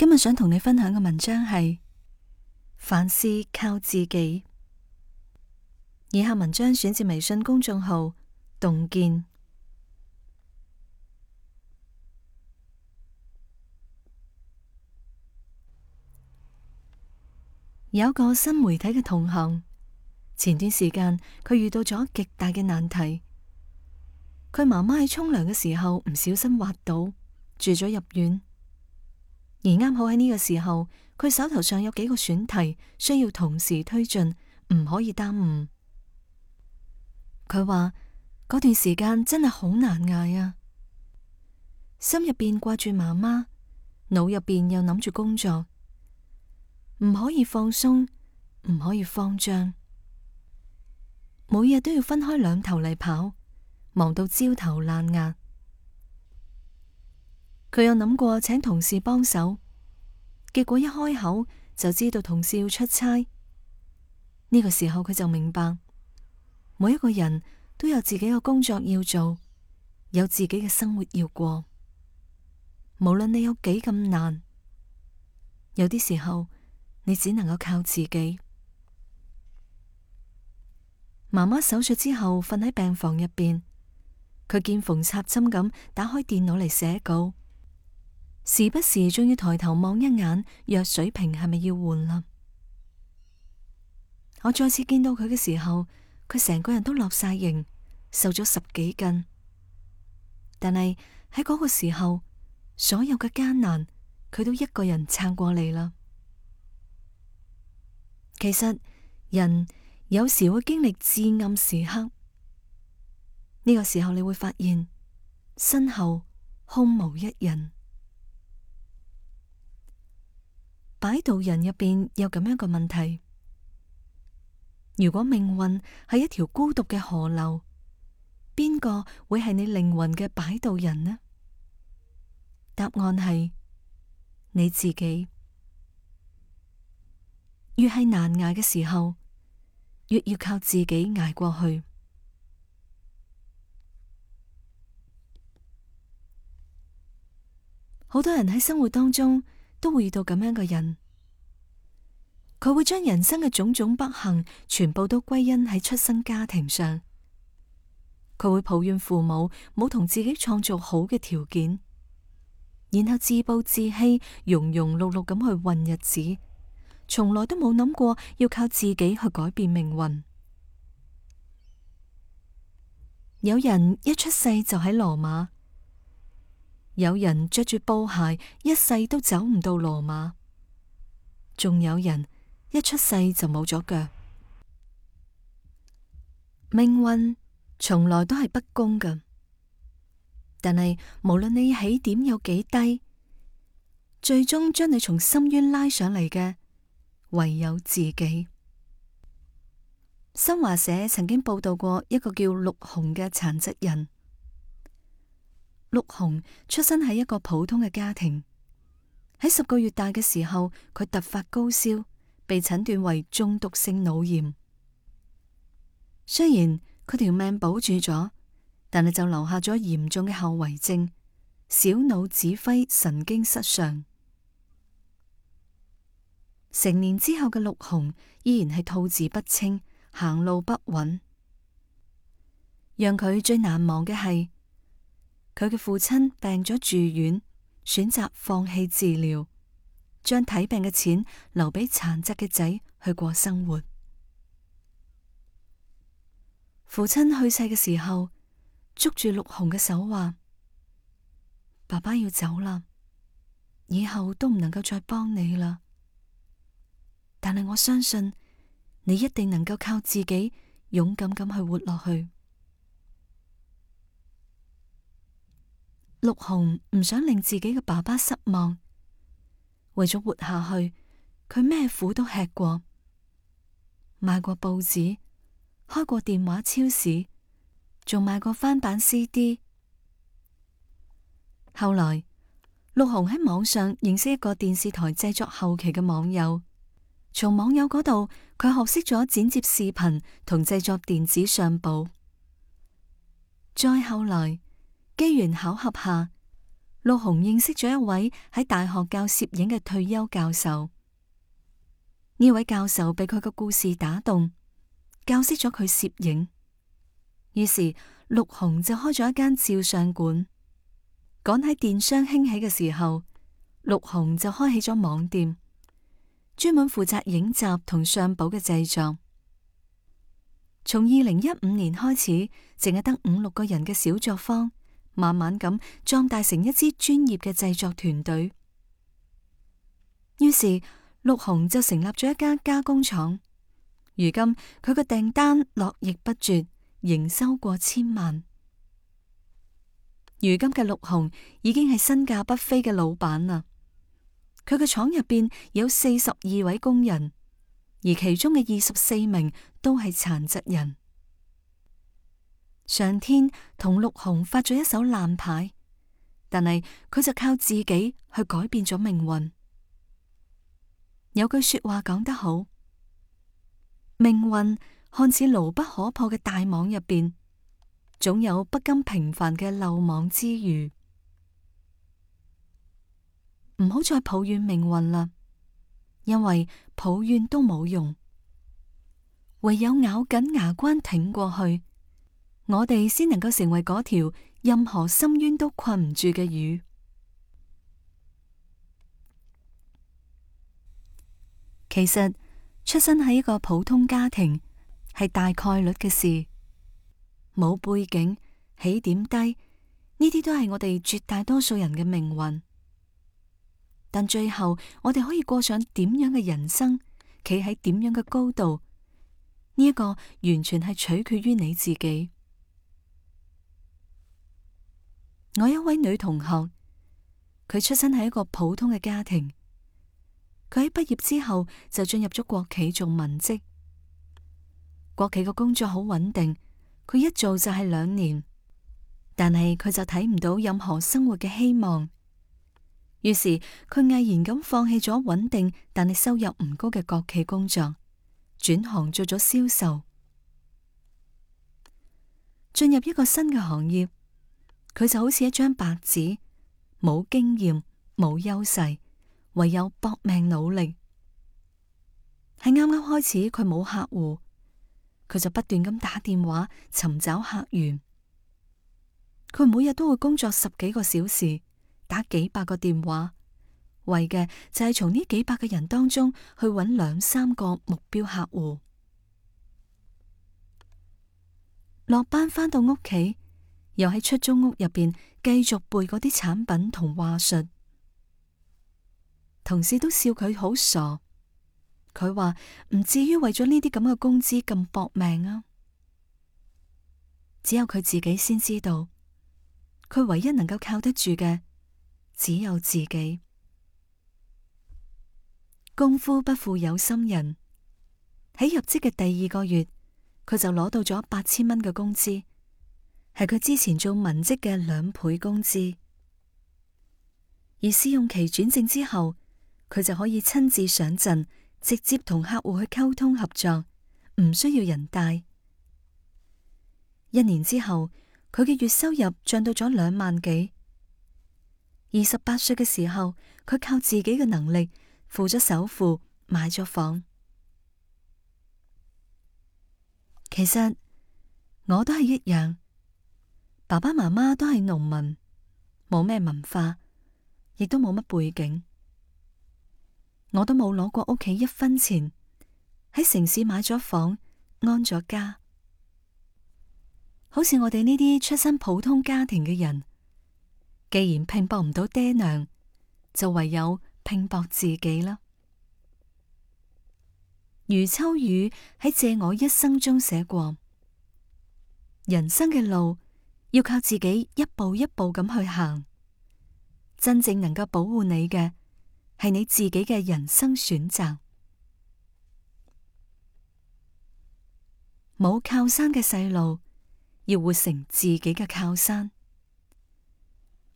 今日想同你分享嘅文章係凡事靠自己。以下文章選自微信公眾號洞見。有一個新媒體嘅同行，前段時間佢遇到咗極大嘅難題。佢媽媽喺沖涼嘅時候唔小心滑倒，住咗入院。而啱好喺呢個時候，佢手頭上有幾個選題需要同時推進，唔可以耽誤。佢話嗰段時間真係好難捱啊，心入邊掛住媽媽，腦入邊又諗住工作，唔可以放鬆，唔可以慌張，每日都要分開兩頭嚟跑，忙到焦頭爛額。佢有諗過請同事幫手，結果一開口就知道同事要出差。呢個時候佢就明白，每一個人都有自己嘅工作要做，有自己嘅生活要過。無論你有幾咁難，有啲時候你只能夠靠自己。媽媽手術之後瞓喺病房入邊，佢見縫插針咁打開電腦嚟寫稿。時不時仲要抬頭望一眼藥水瓶，係咪要換啦？我再次見到佢嘅時候，佢成個人都落晒形，瘦咗十幾斤。但係喺嗰個時候，所有嘅艱難佢都一個人撐過嚟。啦其實人有時會經歷至暗時刻，呢個時候你會發現身後空無一人。擺渡人入邊有咁樣個問題：如果命運係一條孤獨嘅河流，邊個會係你靈魂嘅擺渡人呢？答案係你自己。越係難捱嘅時候，越要靠自己捱過去。好多人喺生活當中。都會遇到咁樣嘅人，佢會將人生嘅種種不幸全部都歸因喺出生家庭上，佢會抱怨父母冇同自己創造好嘅條件，然後自暴自棄、庸庸碌碌咁去混日子，從來都冇諗過要靠自己去改變命運。有人一出世就喺羅馬。有人着住布鞋，一世都走唔到羅馬；仲有人一出世就冇咗腳。命運從來都係不公嘅，但係無論你起點有幾低，最終將你從深淵拉上嚟嘅，唯有自己。新華社曾經報道過一個叫陸鴻嘅殘疾人。陸紅出生喺一個普通嘅家庭。喺十個月大嘅時候，佢突發高燒，被診斷為中毒性腦炎。雖然佢條命保住咗，但係就留下咗嚴重嘅後遺症，小腦指揮神經失常。成年之後嘅陸紅依然係吐字不清，行路不穩。讓佢最難忘嘅係。佢嘅父親病咗住院，選擇放棄治療，將睇病嘅錢留俾殘疾嘅仔去過生活。父親去世嘅時候，捉住陸雄嘅手話：爸爸要走啦，以後都唔能夠再幫你啦。但係我相信你一定能夠靠自己勇敢咁去活落去。陸紅唔想令自己嘅爸爸失望，為咗活下去，佢咩苦都吃過，買過報紙，開過電話超市，仲買過翻版 CD。後來，陸紅喺網上認識一個電視台製作後期嘅網友，從網友嗰度佢學識咗剪接視頻同製作電子相簿。再後來。機緣巧合下，陸紅認識咗一位喺大學教攝影嘅退休教授。呢位教授被佢嘅故事打動，教識咗佢攝影。於是陸紅就開咗一間照相館。趕喺電商興起嘅時候，陸紅就開起咗網店，專門負責影集同相簿嘅製作。從二零一五年開始，淨係得五六個人嘅小作坊，慢慢咁壯大成一支專業嘅製作團隊，於是陸紅就成立咗一間加工廠。如今佢嘅訂單絡繹不絕，營收過千萬。如今嘅陸紅已經係身價不菲嘅老闆啦。佢嘅廠入邊有四十二位工人，而其中嘅二十四名都係殘疾人。上天同陸雄發咗一手爛牌，但係佢就靠自己去改變咗命運。有句話說話講得好：命運看似牢不可破嘅大網入邊，總有不甘平凡嘅漏網之魚。唔好再抱怨命運啦，因為抱怨都冇用，唯有咬緊牙關挺過去。我哋先能夠成為嗰條任何深淵都困唔住嘅魚。其實出生喺一個普通家庭係大概率嘅事，冇背景、起點低呢啲都係我哋絕大多數人嘅命運。但最後我哋可以過上點樣嘅人生，企喺點樣嘅高度，呢個完全係取決於你自己。我有一位女同學，佢出生喺一個普通嘅家庭，佢喺畢業之後就進入咗國企做文職。國企嘅工作好穩定，佢一做就係兩年，但係佢就睇唔到任何生活嘅希望。於是佢毅然咁放棄咗穩定但係收入唔高嘅國企工作，轉行做咗銷售，進入一個新嘅行業。佢就好似一張白紙，冇經驗、冇優勢，唯有搏命努力。喺啱啱開始，佢冇客戶，佢就不斷咁打電話尋找客源。佢每日都會工作十幾個小時，打幾百個電話，為嘅就係從呢幾百個人當中去揾兩三個目標客戶。落班返到屋企。又喺出租屋入邊繼續背嗰啲產品同話術，同事都笑佢好傻。佢話唔至於為咗呢啲咁嘅工資咁搏命啊！只有佢自己先知道，佢唯一能夠靠得住嘅只有自己。功夫不負有心人，喺入職嘅第二個月，佢就攞到咗八千蚊嘅工資。係佢之前做文職嘅兩倍工資，而試用期轉正之後，佢就可以親自上陣，直接同客戶去溝通合作，唔需要人帶。一年之後，佢嘅月收入漲到咗兩萬幾。二十八歲嘅時候，佢靠自己嘅能力付咗首付買咗房。其實我都係一樣。爸爸媽媽都係農民，冇咩文化，亦都冇乜背景，我都冇攞過屋企一分錢。喺城市買咗房，安咗家，好似我哋呢啲出身普通家庭嘅人，既然拼搏唔到爹娘，就唯有拼搏自己啦。余秋雨喺《借我一生》中寫過：人生嘅路，要靠自己一步一步咁去行，真正能夠保護你嘅係你自己嘅人生選擇。冇靠山嘅細路，要活成自己嘅靠山；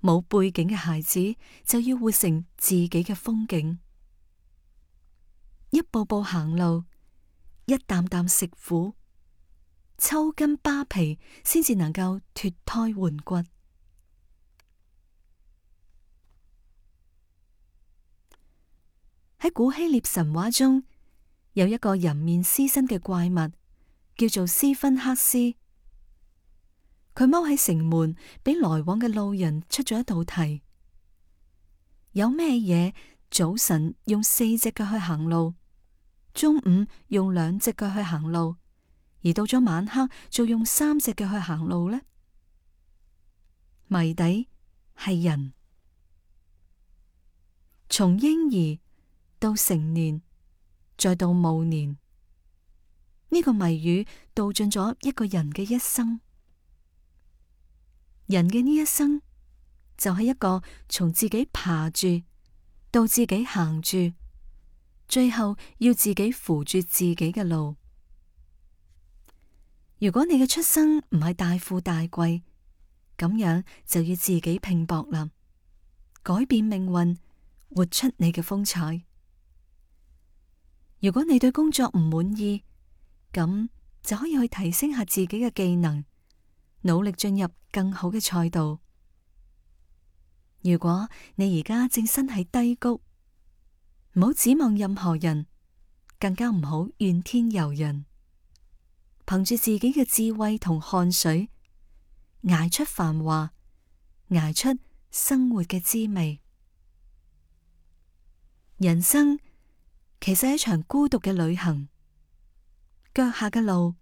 冇背景嘅孩子，就要活成自己嘅風景。一步步行路，一啖啖食苦。抽筋扒皮，先至能夠脫胎換骨。喺古希臘神話中，有一個人面獅身嘅怪物，叫做斯芬克斯。佢踎喺城門，俾來往嘅路人出咗一道題：有咩嘢早晨用四隻腳去行路，中午用兩隻腳去行路？而到咗晚黑，就用三隻腳去行路呢？謎底係人。從嬰兒到成年，再到暮年，呢個謎語道盡咗一個人嘅一生。人嘅呢一生就係一個從自己爬住，到自己行住，最後要自己扶住自己嘅路。如果你嘅出生唔係大富大貴，咁樣就要自己拼搏啦，改變命運，活出你嘅風采。如果你對工作唔滿意，咁就可以去提升下自己嘅技能，努力進入更好嘅賽道。如果你而家正身喺低谷，唔好指望任何人，更加唔好怨天尤人。憑住自己嘅智慧同汗水，挨出繁華，挨出生活嘅滋味。人生其實係一場孤獨嘅旅行，腳下嘅路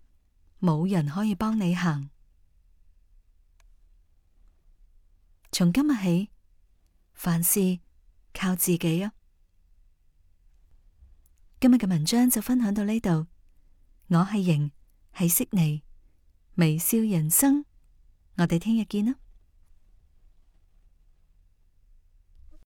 冇人可以幫你行。從今日起，凡事靠自己啊！今日嘅文章就分享到呢度，我係瑩。喺悉尼微笑人生，我哋聽日見啦。